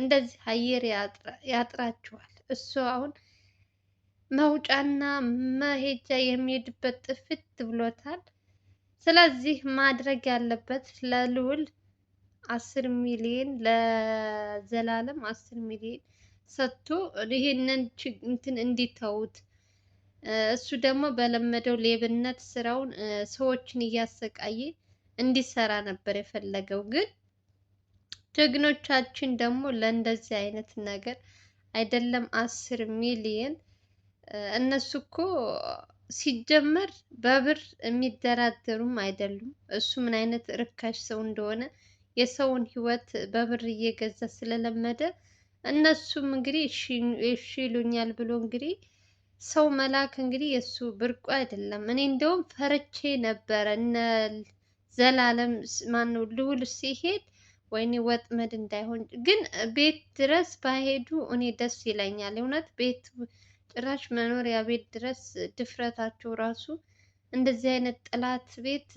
እንደዚህ አየር ያጥራችኋል። እሱ አሁን መውጫና መሄጃ የሚሄድበት ጥፍት ብሎታል። ስለዚህ ማድረግ ያለበት ለልዑል አስር ሚሊዮን ለዘላለም አስር ሚሊዮን ሰጥቶ ይህንን እንትን እንዲተውት እሱ ደግሞ በለመደው ሌብነት ስራውን ሰዎችን እያሰቃየ እንዲሰራ ነበር የፈለገው ግን ጀግኖቻችን ደግሞ ለእንደዚህ አይነት ነገር አይደለም አስር ሚሊየን እነሱ እኮ ሲጀመር በብር የሚደራደሩም አይደሉም። እሱ ምን አይነት ርካሽ ሰው እንደሆነ የሰውን ህይወት በብር እየገዛ ስለለመደ እነሱም እንግዲህ እሺ ይሉኛል ብሎ እንግዲህ ሰው መላክ እንግዲህ የእሱ ብርቁ አይደለም። እኔ እንደውም ፈርቼ ነበረ እነ ዘላለም ማነው ልውል ሲሄድ ወይኔ ወጥመድ እንዳይሆን ግን ቤት ድረስ ባይሄዱ እኔ ደስ ይለኛል። እውነት ቤት ጭራሽ መኖሪያ ቤት ድረስ ድፍረታቸው ራሱ እንደዚህ አይነት ጠላት ቤት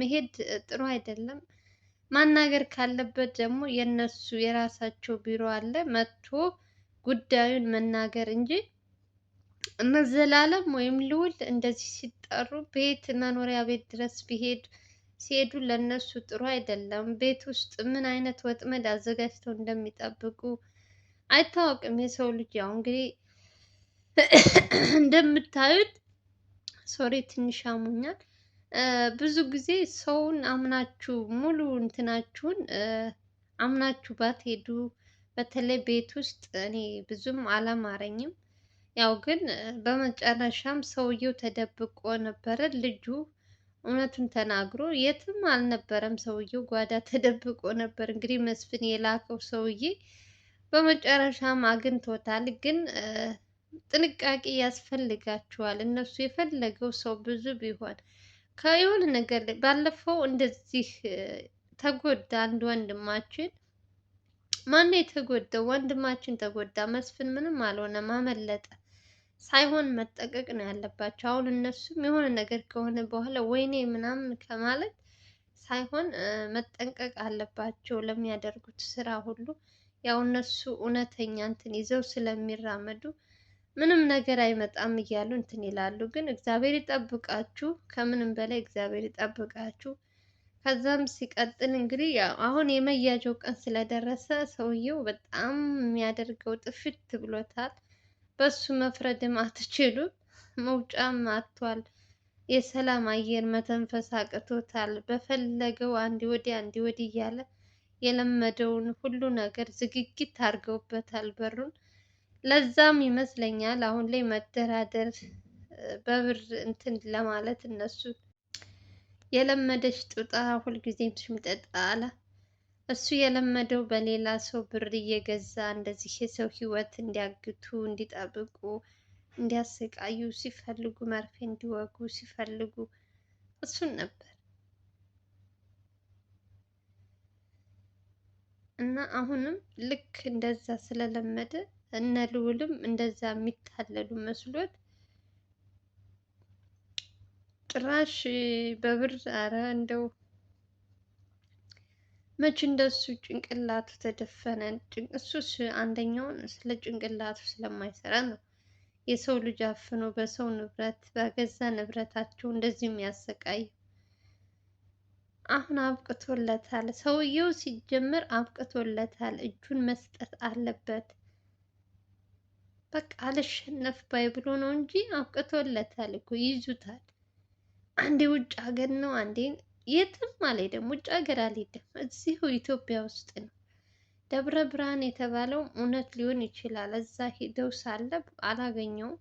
መሄድ ጥሩ አይደለም። ማናገር ካለበት ደግሞ የነሱ የራሳቸው ቢሮ አለ መጥቶ ጉዳዩን መናገር እንጂ መዘላለም ወይም ልዑል እንደዚህ ሲጠሩ ቤት መኖሪያ ቤት ድረስ ቢሄድ ሲሄዱ ለነሱ ጥሩ አይደለም። ቤት ውስጥ ምን አይነት ወጥመድ አዘጋጅተው እንደሚጠብቁ አይታወቅም። የሰው ልጅ ያው እንግዲህ እንደምታዩት ሶሪ ትንሽ አሞኛል። ብዙ ጊዜ ሰውን አምናችሁ ሙሉ እንትናችሁን አምናችሁ ባትሄዱ በተለይ ቤት ውስጥ እኔ ብዙም አላማረኝም። ያው ግን በመጨረሻም ሰውየው ተደብቆ ነበረ ልጁ እውነቱን ተናግሮ የትም አልነበረም ሰውዬው፣ ጓዳ ተደብቆ ነበር። እንግዲህ መስፍን የላከው ሰውዬ በመጨረሻም አግኝቶታል። ግን ጥንቃቄ ያስፈልጋቸዋል። እነሱ የፈለገው ሰው ብዙ ቢሆን ከየሆነ ነገር ላይ ባለፈው እንደዚህ ተጎዳ አንድ ወንድማችን። ማነው የተጎዳው? ወንድማችን ተጎዳ። መስፍን ምንም አልሆነም፣ አመለጠ። ሳይሆን መጠቀቅ ነው ያለባቸው። አሁን እነሱም የሆነ ነገር ከሆነ በኋላ ወይኔ ምናምን ከማለት ሳይሆን መጠንቀቅ አለባቸው ለሚያደርጉት ስራ ሁሉ። ያው እነሱ እውነተኛ እንትን ይዘው ስለሚራመዱ ምንም ነገር አይመጣም እያሉ እንትን ይላሉ። ግን እግዚአብሔር ይጠብቃችሁ፣ ከምንም በላይ እግዚአብሔር ይጠብቃችሁ። ከዛም ሲቀጥል እንግዲህ አሁን የመያዣው ቀን ስለደረሰ ሰውየው በጣም የሚያደርገው ጥፍት ብሎታል። በሱ መፍረድም አትችሉም። መውጫም አጥቷል። የሰላም አየር መተንፈስ አቅቶታል። በፈለገው አንድ ወዲ አንድ ወዲ እያለ የለመደውን ሁሉ ነገር ዝግጅት አድርገውበታል በሩን። ለዛም ይመስለኛል አሁን ላይ መደራደር በብር እንትን ለማለት እነሱ የለመደች ጡጣ ሁልጊዜም ሽምጠጣ አላት። እሱ የለመደው በሌላ ሰው ብር እየገዛ እንደዚህ የሰው ህይወት እንዲያግቱ፣ እንዲጠብቁ፣ እንዲያሰቃዩ ሲፈልጉ መርፌ እንዲወጉ ሲፈልጉ እሱን ነበር እና አሁንም ልክ እንደዛ ስለለመደ እነ ልውልም እንደዛ የሚታለሉ መስሎት ጭራሽ በብር አረ እንደው መቼ እንደሱ ጭንቅላቱ ተደፈነ። እሱ አንደኛውን ስለ ጭንቅላቱ ስለማይሰራ ነው። የሰው ልጅ አፍኖ በሰው ንብረት በገዛ ንብረታቸው እንደዚህ የሚያሰቃይ አሁን አብቅቶለታል። ሰውየው ሲጀምር አብቅቶለታል። እጁን መስጠት አለበት። በቃ አልሸነፍ ባይ ብሎ ነው እንጂ አብቅቶለታል እኮ ይዙታል። አንዴ ውጭ ሀገር ነው፣ አንዴ የትም አልሄደም፣ ውጭ ሀገር አልሄደም፣ እዚሁ ኢትዮጵያ ውስጥ ነው። ደብረ ብርሃን የተባለው እውነት ሊሆን ይችላል። እዛ ሂደው ሳለ አላገኘውም፣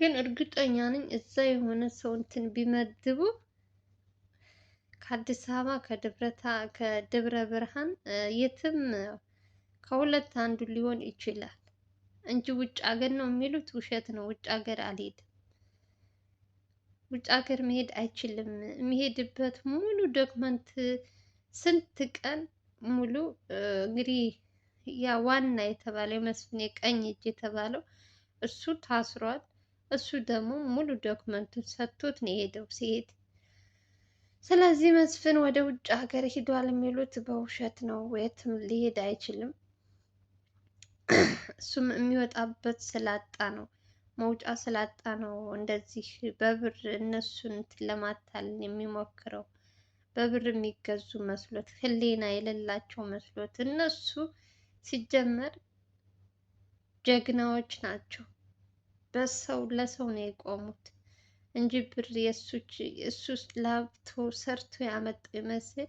ግን እርግጠኛ ነኝ እዛ የሆነ ሰው እንትን ቢመድቡ ከአዲስ አበባ ከደብረ ብርሃን የትም ከሁለት አንዱ ሊሆን ይችላል እንጂ ውጭ ሀገር ነው የሚሉት ውሸት ነው። ውጭ ሀገር አልሄድም። ውጭ ሀገር መሄድ አይችልም። የሚሄድበት ሙሉ ዶክመንት ስንት ቀን ሙሉ እንግዲህ ያ ዋና የተባለው የመስፍን የቀኝ እጅ የተባለው እሱ ታስሯል። እሱ ደግሞ ሙሉ ዶክመንቱን ሰጥቶት ነው የሄደው ሲሄድ። ስለዚህ መስፍን ወደ ውጭ ሀገር ሂዷል የሚሉት በውሸት ነው። የትም ሊሄድ አይችልም። እሱም የሚወጣበት ስላጣ ነው። መውጫ ስላጣ ነው እንደዚህ በብር እነሱን እንትን ለማታለል የሚሞክረው። በብር የሚገዙ መስሎት ህሊና የሌላቸው መስሎት። እነሱ ሲጀመር ጀግናዎች ናቸው። በሰው ለሰው ነው የቆሙት እንጂ ብር እሱ ላብቶ ሰርቶ ያመጣው ይመስል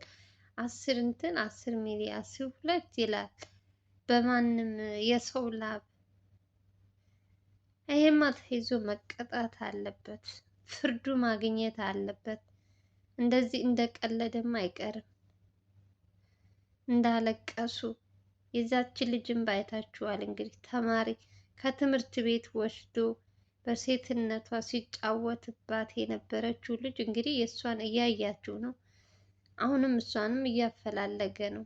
አስር እንትን አስር ሚሊ አስር ሁለት ይላል። በማንም የሰው ላብ ይሄማ ተይዞ መቀጣት አለበት፣ ፍርዱ ማግኘት አለበት። እንደዚህ እንደቀለደማ አይቀርም። እንዳለቀሱ የዛች ልጅን ባይታችኋል። እንግዲህ ተማሪ ከትምህርት ቤት ወስዶ በሴትነቷ ሲጫወትባት የነበረችው ልጅ እንግዲህ የእሷን እያያችው ነው። አሁንም እሷንም እያፈላለገ ነው።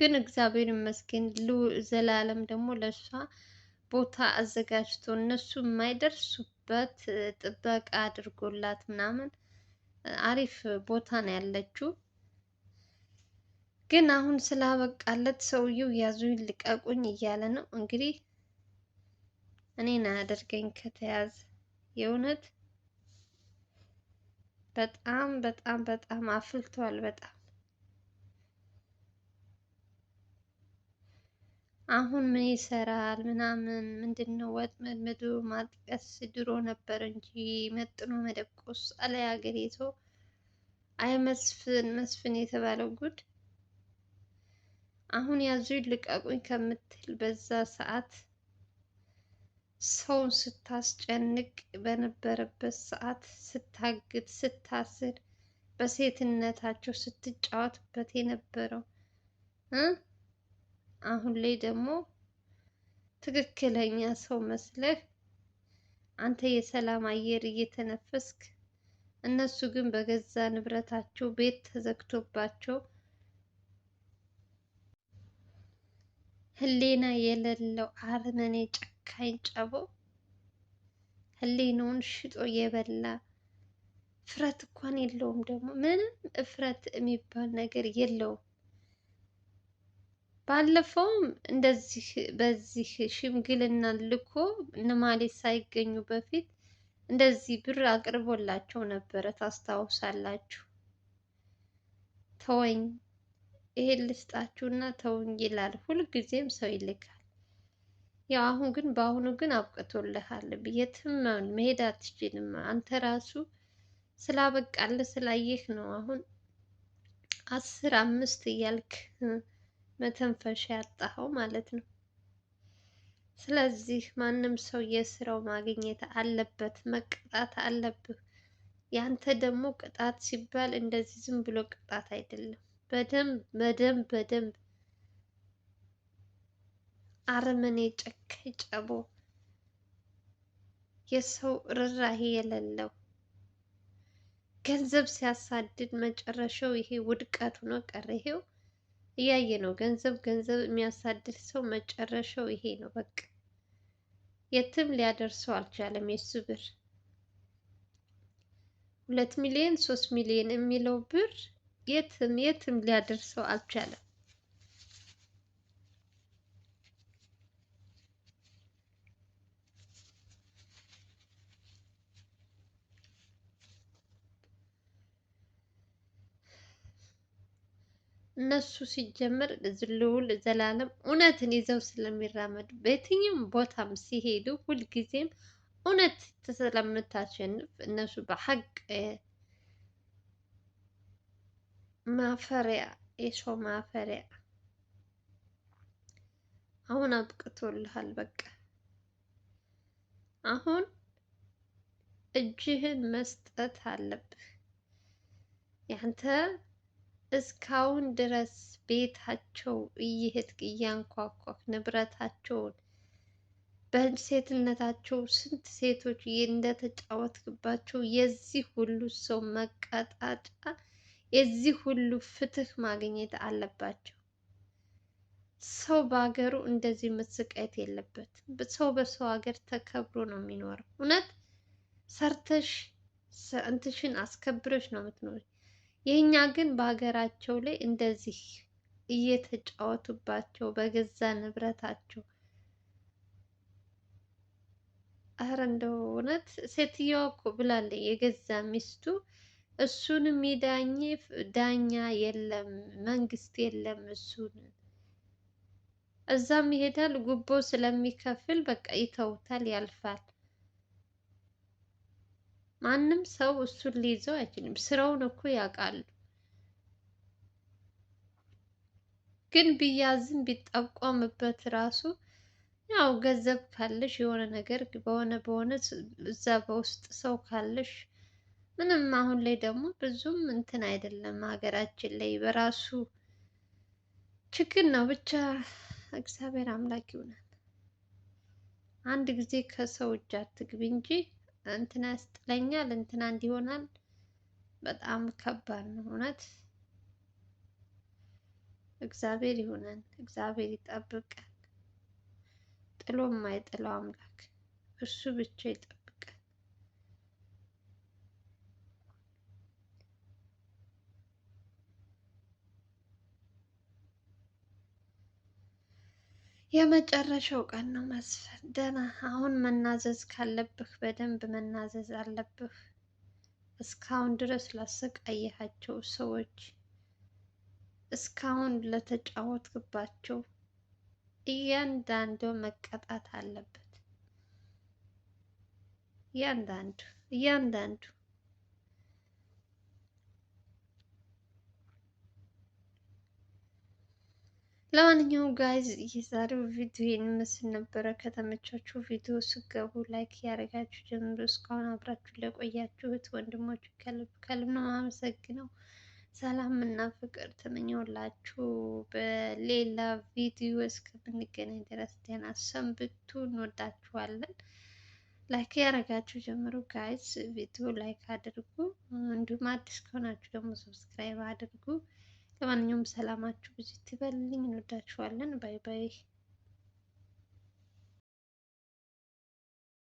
ግን እግዚአብሔር ይመስገን ዘላለም ደግሞ ለእሷ ቦታ አዘጋጅቶ እነሱ የማይደርሱበት ጥበቃ አድርጎላት ምናምን አሪፍ ቦታ ነው ያለችው። ግን አሁን ስላበቃለት ሰውየው ያዙኝ ልቀቁኝ እያለ ነው እንግዲህ። እኔን አያደርገኝ ከተያዘ የእውነት በጣም በጣም በጣም አፍልቷል በጣም አሁን ምን ይሰራል ምናምን ምንድን ነው ወጥመድ ማጥቀስ ድሮ ነበር እንጂ መጥኖ መደቆስ አለ ሀገሬ ሰው። አይ መስፍን መስፍን የተባለው ጉድ አሁን ያዙ ልቀቁኝ ከምትል በዛ ሰዓት ሰውን ስታስጨንቅ በነበረበት ሰዓት ስታግድ ስታስር በሴትነታቸው ስትጫወትበት የነበረው እ አሁን ላይ ደግሞ ትክክለኛ ሰው መስለህ አንተ የሰላም አየር እየተነፈስክ እነሱ ግን በገዛ ንብረታቸው ቤት ተዘግቶባቸው ሕሊና የሌለው አረመኔ ጨካኝ ጨቦ ሕሊናውን ሽጦ የበላ እፍረት እንኳን የለውም። ደግሞ ምንም እፍረት የሚባል ነገር የለውም። ባለፈውም እንደዚህ በዚህ ሽምግልና ልኮ እነማሌት ሳይገኙ በፊት እንደዚህ ብር አቅርቦላቸው ነበረ። ታስታውሳላችሁ? ተወኝ ይሄን ልስጣችሁ እና ተውኝ ይላል። ሁልጊዜም ሰው ይልካል። ያው አሁን ግን በአሁኑ ግን አብቅቶልሃል። የትም መሄድ አትችልም። አንተ ራሱ ስላበቃለ ስላየህ ነው አሁን አስር አምስት እያልክ መተንፈሻ ያጣኸው ማለት ነው። ስለዚህ ማንም ሰው የስራው ማግኘት አለበት፣ መቅጣት አለብህ። ያንተ ደግሞ ቅጣት ሲባል እንደዚህ ዝም ብሎ ቅጣት አይደለም። በደንብ በደንብ በደንብ አረመኔ፣ ጨካኝ፣ ጨቦ፣ የሰው ርህራሄ የሌለው ገንዘብ ሲያሳድድ መጨረሻው ይሄ ውድቀት ነው። ቀረ ይሄው እያየ ነው። ገንዘብ ገንዘብ የሚያሳድድ ሰው መጨረሻው ይሄ ነው። በቃ የትም ሊያደርሰው አልቻለም የሱ ብር። ሁለት ሚሊዮን ሶስት ሚሊዮን የሚለው ብር የትም የትም ሊያደርሰው አልቻለም። እነሱ ሲጀመር ዝልውል ዘላለም እውነትን ይዘው ስለሚራመዱ በየትኛውም ቦታም ሲሄዱ ሁልጊዜም እውነት ስለምታሸንፍ እነሱ በሀቅ ማፈሪያ የሰው ማፈሪያ አሁን አብቅቶልሃል። በቃ አሁን እጅህን መስጠት አለብህ ያንተ እስካሁን ድረስ ቤታቸው እየሄድክ እያንኳኳክ ንብረታቸውን በሴትነታቸው ስንት ሴቶች እንደተጫወትክባቸው የዚህ ሁሉ ሰው መቀጣጫ የዚህ ሁሉ ፍትህ ማግኘት አለባቸው። ሰው በሀገሩ እንደዚህ መሰቃየት የለበትም። ሰው በሰው ሀገር ተከብሮ ነው የሚኖረው። እውነት ሰርተሽ እንትሽን አስከብረሽ ነው የምትኖረው። የእኛ ግን በሀገራቸው ላይ እንደዚህ እየተጫወቱባቸው በገዛ ንብረታቸው። አረ እንደው እውነት ሴትዮዋ እኮ ብላለች የገዛ ሚስቱ እሱን የሚዳኝ ዳኛ የለም፣ መንግስት የለም። እሱን እዛም ይሄዳል ጉቦ ስለሚከፍል በቃ ይተውታል፣ ያልፋል። ማንም ሰው እሱን ሊይዘው አይችልም። ስራውን እኮ ያውቃሉ። ግን ቢያዝም ቢጠቆምበት ራሱ ያው ገንዘብ ካለሽ የሆነ ነገር በሆነ በሆነ እዛ በውስጥ ሰው ካለሽ ምንም። አሁን ላይ ደግሞ ብዙም እንትን አይደለም ሀገራችን ላይ በራሱ ችግር ነው። ብቻ እግዚአብሔር አምላክ ይሆናል። አንድ ጊዜ ከሰው እጅ አትግቢ እንጂ እንትና ያስጥለኛል፣ እንትና እንዲሆናል። በጣም ከባድ ነው እውነት። እግዚአብሔር ይሁነን፣ እግዚአብሔር ይጠብቀን። ጥሎ የማይጥለው አምላክ እሱ ብቻ ይጠብቀን። የመጨረሻው ቀን ነው መስፍን፣ ደህና አሁን መናዘዝ ካለብህ በደንብ መናዘዝ አለብህ። እስካሁን ድረስ ላሰቃየሃቸው ሰዎች፣ እስካሁን ለተጫወትክባቸው እያንዳንዱ መቀጣት አለበት። እያንዳንዱ እያንዳንዱ ለማንኛውም ጋይዝ የዛሬው ቪዲዮ ይህን ይመስል ነበረ። ከተመቻችሁ ቪዲዮ ስገቡ ላይክ ያደረጋችሁ ጀምሮ እስካሁን አብራችሁ ለቆያችሁት ወንድሞች ከልብ ከልብ ነው አመሰግነው። ሰላም እና ፍቅር ተመኘውላችሁ። በሌላ ቪዲዮ እስከምንገናኝ ድረስ ደህና ሰንብቱ። እንወዳችኋለን። ላይክ ያደረጋችሁ ጀምሮ ጋይዝ ቪዲዮ ላይክ አድርጉ። እንዲሁም አዲስ ከሆናችሁ ደግሞ ሰብስክራይብ አድርጉ። ለማንኛውም ሰላማችሁ ብዙ ይበልልኝ። እንወዳችኋለን። ባይ ባይ።